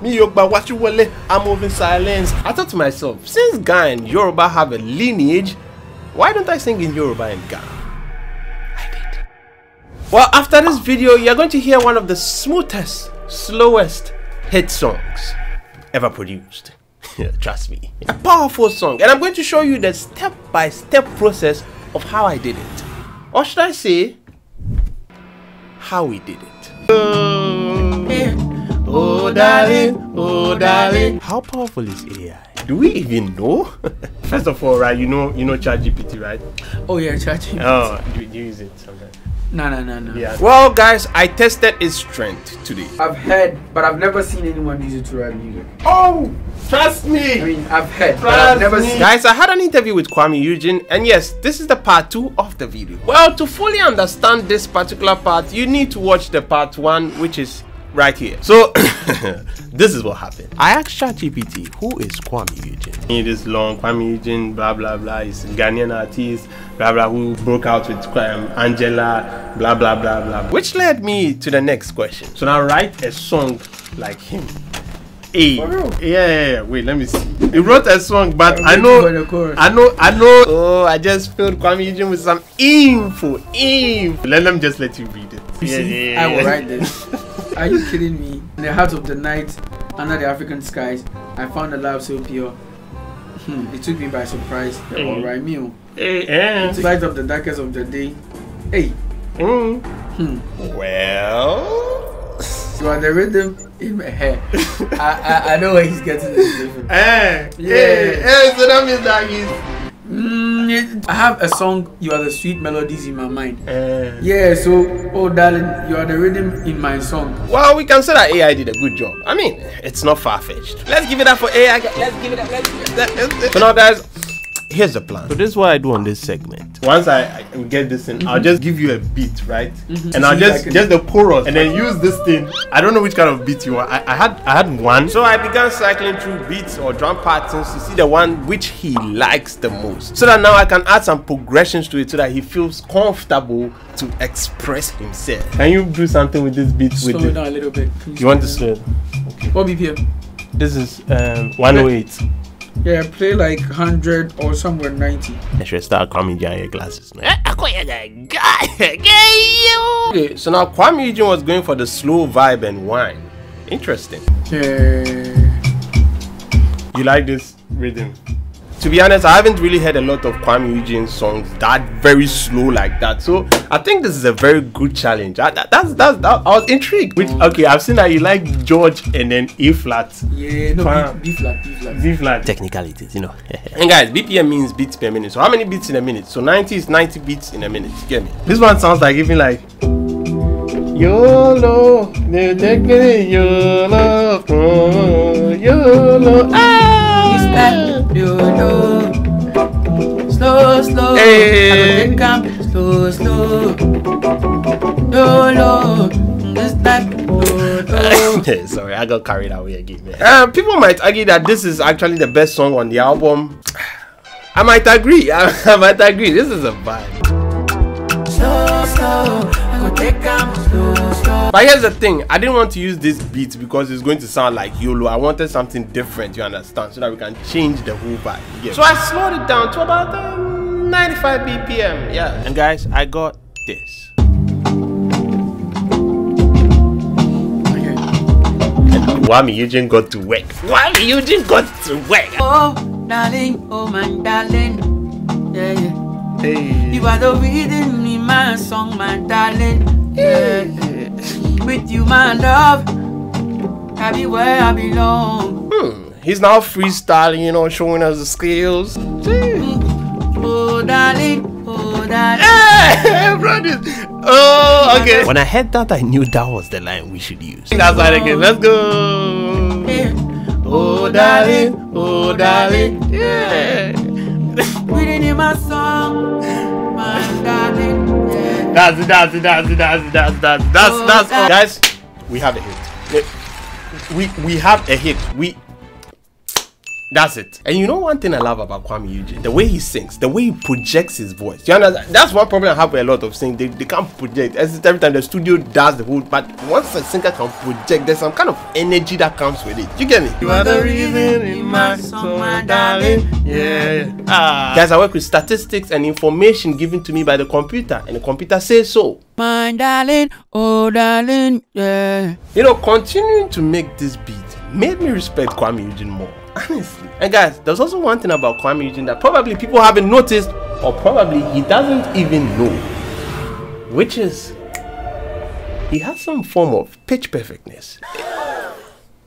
Me Yogba Wachiwale, I'm moving silence. I thought to myself, since Ga and Yoruba have a lineage, why don't I sing in Yoruba and Ga? I did. Well, after this video, you're going to hear one of the smoothest, slowest hit songs ever produced. Trust me. A powerful song, and I'm going to show you the step by step process of how I did it. Or should I say, how we did it. Uh Oh darling, oh darling. How powerful is AI? Do we even know? First of all, right, you know, you know ChatGPT, right? Oh yeah, ChatGPT. Oh, do you use it sometimes? No, no, no, no. Yeah. Well, guys, I tested its strength today. I've heard, but I've never seen anyone use it to write music. Oh, trust me. I mean, I've heard, trust but I've never me. seen. Guys, I had an interview with Kwame Eugene, and yes, this is the part two of the video. Well, to fully understand this particular part, you need to watch the part one, which is right here. So this is what happened. I asked ChatGPT, who is Kwame Eugene? He this long Kwame Eugene, blah blah blah, is Ghanaian artist, blah blah, who broke out with um, Angela, blah blah blah blah. Which led me to the next question. So now write a song like him. Hey, yeah, yeah, yeah, wait, let me see. He wrote a song, but I, know, I know, I know. Oh, I just filled Kwame Eugene with some info, info. Let them just let you read it. You yeah, see, yeah, yeah, I will write this. Are you kidding me? In the heart of the night, under the African skies, I found a love so pure. Hmm, it took me by surprise. Eh. Oh. Eh. Eh. The mm. alright meal. Hey, yeah. In light of the darkest of the day. Hey. Mm. Hmm. Well. You are the rhythm in my head. I, I, I know where he's getting this. Hey. Yeah. Hey. hey, so that means that he's. Mm. I have a song, You Are the Sweet Melodies in My Mind. Uh, yeah, so, oh darling, you are the rhythm in my song. Well, we can say that AI did a good job. I mean, it's not far fetched. Let's give it up for AI. Let's give it up. Let's give it up. So now, guys here's the plan. So this is what I do on this segment. Once I, I get this in, mm-hmm. I'll mhm. just give you a beat, right? Mm-hmm. And I'll just just the chorus, and then oh. use this thing. I don't know which kind of beat you want. I, I had I had one. So I began cycling through beats or drum patterns to see the one which he likes the most, so that now I can add some progressions to it, so that he feels comfortable to express himself. Can you do something with this beat? Slow with it down a little bit. Please you want to slow it? Okay. What BPM? This is um, 108. Yeah, play like 100 or somewhere 90. I should start Kwame Jaya glasses. Eh, okay, so now Kwame Ijin was going for the slow vibe and wine. Interesting. Okay. You like this rhythm? to be honest, I haven't really heard a lot of Kwame Eugene songs that very slow like that. So I think this is a very good challenge. I, that, that's, that's, that, I was intrigued. Which okay, I've seen that you like George and then E flat. Yeah, no, B, B flat, B flat, B flat. Technicalities, you know. and guys, BPM means beats per minute. So how many beats in a minute? So 90 is 90 beats in a minute. Get me? This one sounds like even like. YOLO, they're taking it, YOLO, YOLO, ah! Slow, slow, hey. I go take am slow, slow. Dolo, this type, Sorry, I got carried away again, man. Uh, people might argue that this is actually the best song on the album. I might agree. I, I might agree. This is a vibe. But here's the thing, I didn't want to use this beat because it's going to sound like YOLO. I wanted something different, you understand, so that we can change the whole vibe. So I slowed it down to about um, 95 BPM, yeah. And guys, I got this. Okay. Wami Eugene got to work. Wami Eugene got to work. Oh, darling, oh my darling, yeah, yeah. Hey. You are the rhythm in my song, my darling. Hey. With you, my love, I be where I belong. Hmm. He's now freestyling, you know, showing us the skills. Hmm. Oh, darling. Oh, darling. Hey, Oh, okay. When I heard that, I knew that was the line we should use. That's right again. Let's go. Oh, darling. Oh, darling. Yeah. Breathing in my song, my darling. Yeah. That's it, that's it, that's it, that's it, that's it, that's it, that's, that's, oh, that's, guys, we have a hit. We, we have a hit. We that's it. And you know one thing I love about Kwame Eugene? The way he sings, the way he projects his voice. You understand? That's one problem I have with a lot of singers. They, they can't project. Every time the studio does the whole, but once a singer can project, there's some kind of energy that comes with it. You get me? You are the reason in my soul, my darling. Yeah. Ah. Guys, I work with statistics and information given to me by the computer, and the computer says so. My darling, oh darling, yeah. You know, continuing to make this beat made me respect Kwame Eugene more honestly. And guys, there's also one thing about Kwame Eugene that probably people haven't noticed or probably he doesn't even know, which is he has some form of pitch perfectness.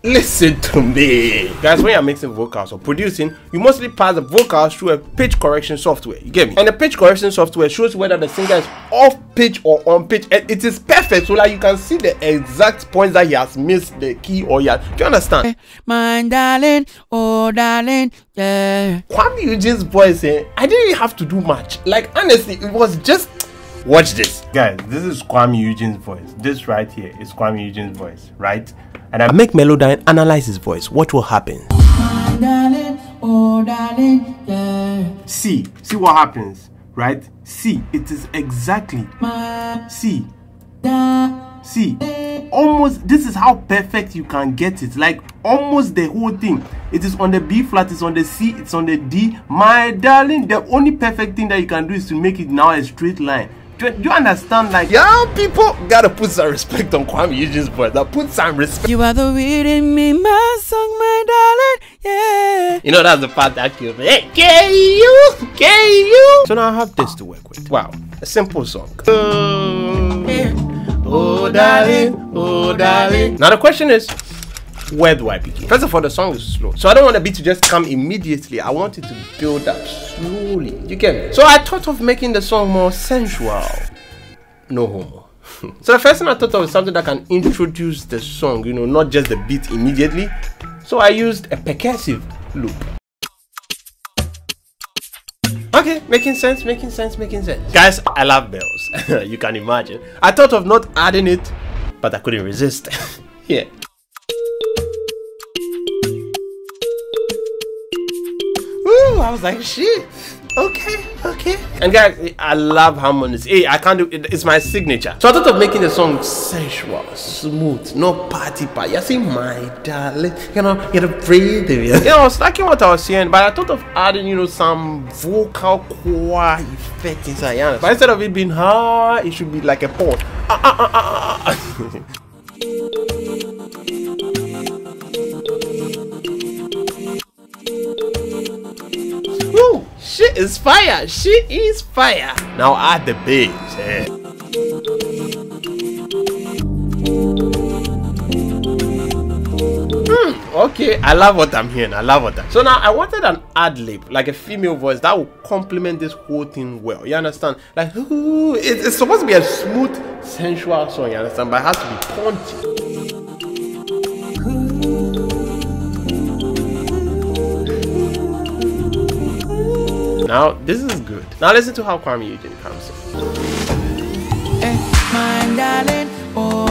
Listen to me. Guys, when you're mixing vocals or producing, you mostly pass the vocals through a pitch correction software. You get me? And the pitch correction software shows whether the singer is off pitch or on pitch. And it is perfect so that like, you can see the exact points that he has missed the key or yeah. Do you understand? Eh, My darling, oh darling, yeah. Kwame Eugene's voice, eh, I didn't have to do much. Like, honestly, it was just Watch this. Guys, this is Kwame Eugene's voice. This right here is Kwame Eugene's voice, right? And I make Melodyne analyze his voice. What will happen? See, see what happens, right? See, it is exactly. See. See, almost this is how perfect you can get it. Like almost the whole thing. It is on the B flat, it's on the C, it's on the D. My darling, the only perfect thing that you can do is to make it now a straight line. Do, do you understand? Like, yeah, people gotta put some respect on Kwame Eugene's voice. put some respect. You are the weed in me, my song, my darling. Yeah. You know, that's the part that kills me. Hey, can you? Can you? So now I have this to work with. Wow. A simple song. Oh, yeah. oh darling. Oh, darling. Now the question is where do I begin? First of all, the song is slow. So I don't want the beat to just come immediately. I want it to build up slowly. You get me? So I thought of making the song more sensual. No homo. so the first thing I thought of was something that can introduce the song, you know, not just the beat immediately. So I used a percussive loop. Okay, making sense, making sense, making sense. Guys, I love bells. you can imagine. I thought of not adding it, but I couldn't resist. yeah. I was like, shit. Okay, okay. And guys, I love harmonies. Hey, I can't do it. It's my signature. So I thought of making the song sensual, smooth, no party party. I see, my darling, you know, you're breathing. You know, I was liking what I was saying, but I thought of adding, you know, some vocal choir effect inside. But instead of it being hard, it should be like a pause. Ah, ah, ah, ah. ah, ah. is fire. She is fire. Now add the bass. Eh? Hmm, okay, I love what I'm hearing. I love what I'm. So now I wanted an ad lib, like a female voice that would complement this whole thing well. You understand? Like, ooh, it, it's supposed to be a smooth, sensual song. You understand? But it has to be punchy. Now, this is good. Now listen to how Kwame Eugene comes in. Eh, oh,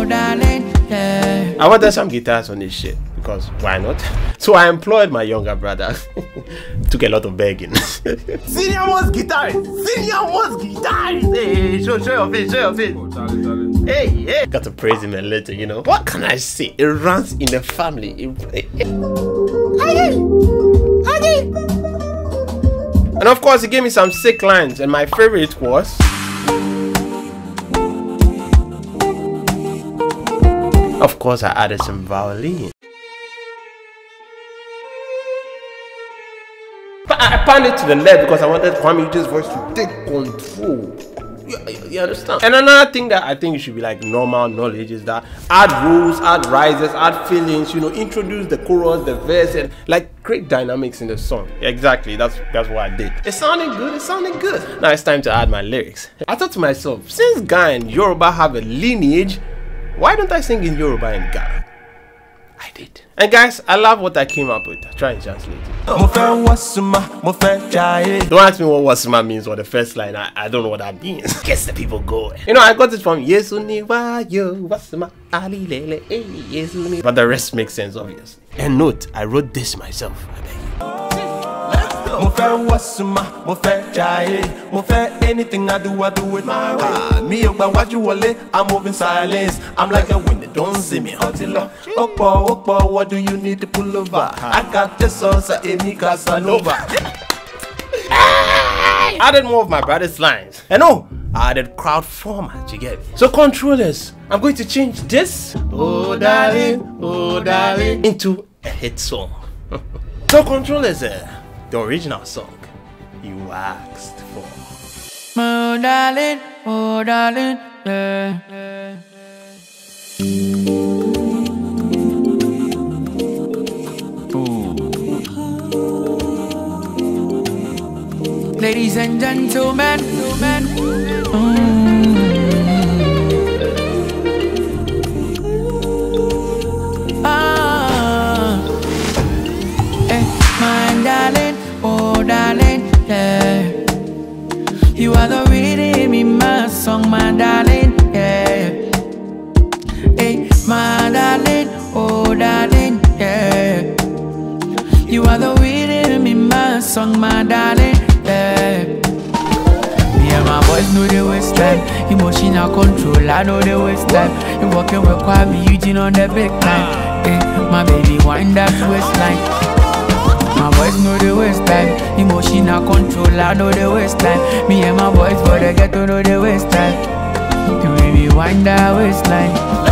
I wanted some guitars on this shit because why not? So I employed my younger brother. Took a lot of begging. senior wants guitarist! Senior wants guitarist! Hey, show, show your face, show your face! Oh, Charlie, Charlie. Hey, hey! Got to praise him a little, you know. What can I say? It runs in the family. It, it, it. And of course, he gave me some sick lines, and my favorite was. Of course, I added some violin. But I panned it to the left because I wanted Kwame Uche's voice to take control. You, you, understand? And another thing that I think should be like normal knowledge is that add rules, add rises, add feelings, you know, introduce the chorus, the verse, and like create dynamics in the song. Exactly, that's that's what I did. It sounded good, it sounded good. Now it's time to add my lyrics. I thought to myself, since Guy and Yoruba have a lineage, why don't I sing in Yoruba and Ghana? I did. And guys, I love what I came up with. I try and translate it. Don't ask me what wasuma means or the first line. I, I don't know what that means. Guess the people go. You know, I got it from Yesu wasuma eh, But the rest makes sense, obviously. And note, I wrote this myself. I mo fẹ́ wọ́sùnmá mo fẹ́ jayé mo fẹ́ anything I do I do it my way. Ah, mi ò gba wájú wọlé I'm moving silence I'm like a wind don't see me until lọ. ó pọ̀ ó pọ̀ what do you need to pull over I got the sauce èmi Casanova. I added more of my brother's lines. And oh, I added crowd format, you get. So controllers, I'm going to change this Oh darling, oh darling into a hit song. so controllers, uh, the original song you asked for. Oh, darling, oh, darling, yeah. Ladies and gentlemen, gentlemen. song, my darling. Yeah. Me and my boys know they waste time. Emotional control, I know they waste time. You walking with Kwame Eugene on the big time. Eh, my baby, wind that waistline. My boys know they waste time. Emotional control, I know they waste time. Me and my boys for the ghetto know they waste time. You baby, wind that waistline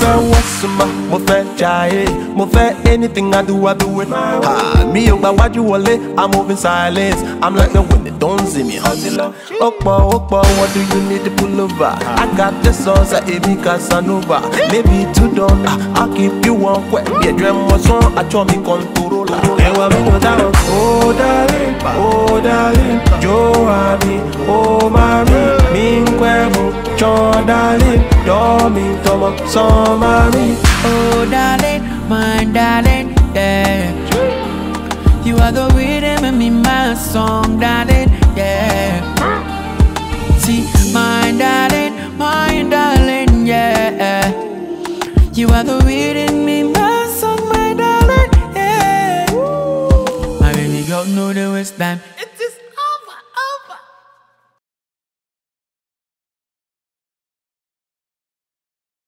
fẹ́ wọ́n sùn mọ́ mo fẹ́ jayé mo fẹ́ anything I do I do it. Ha, mi ò gba wájú wọlé I'm moving silence I'm like the wind it don't see me hustle lọ. Ó pọ̀ ó pọ̀ what do you need to pull over? I got the sauce èmi Casanova maybe two dollar ah, I keep you one pẹ̀. Bí ẹ̀jẹ̀ mọ sán àjọ mi kọ́ńtórólà. Ẹ̀wà mi kò dáhùn. Ó dálé ó dálé jó àmì ó máa rí mi ń pẹ́ mu. John, darling, don't dormir, toma só mami. Oh, darling, my darling, yeah. You are the rhythm in me, my song, darling.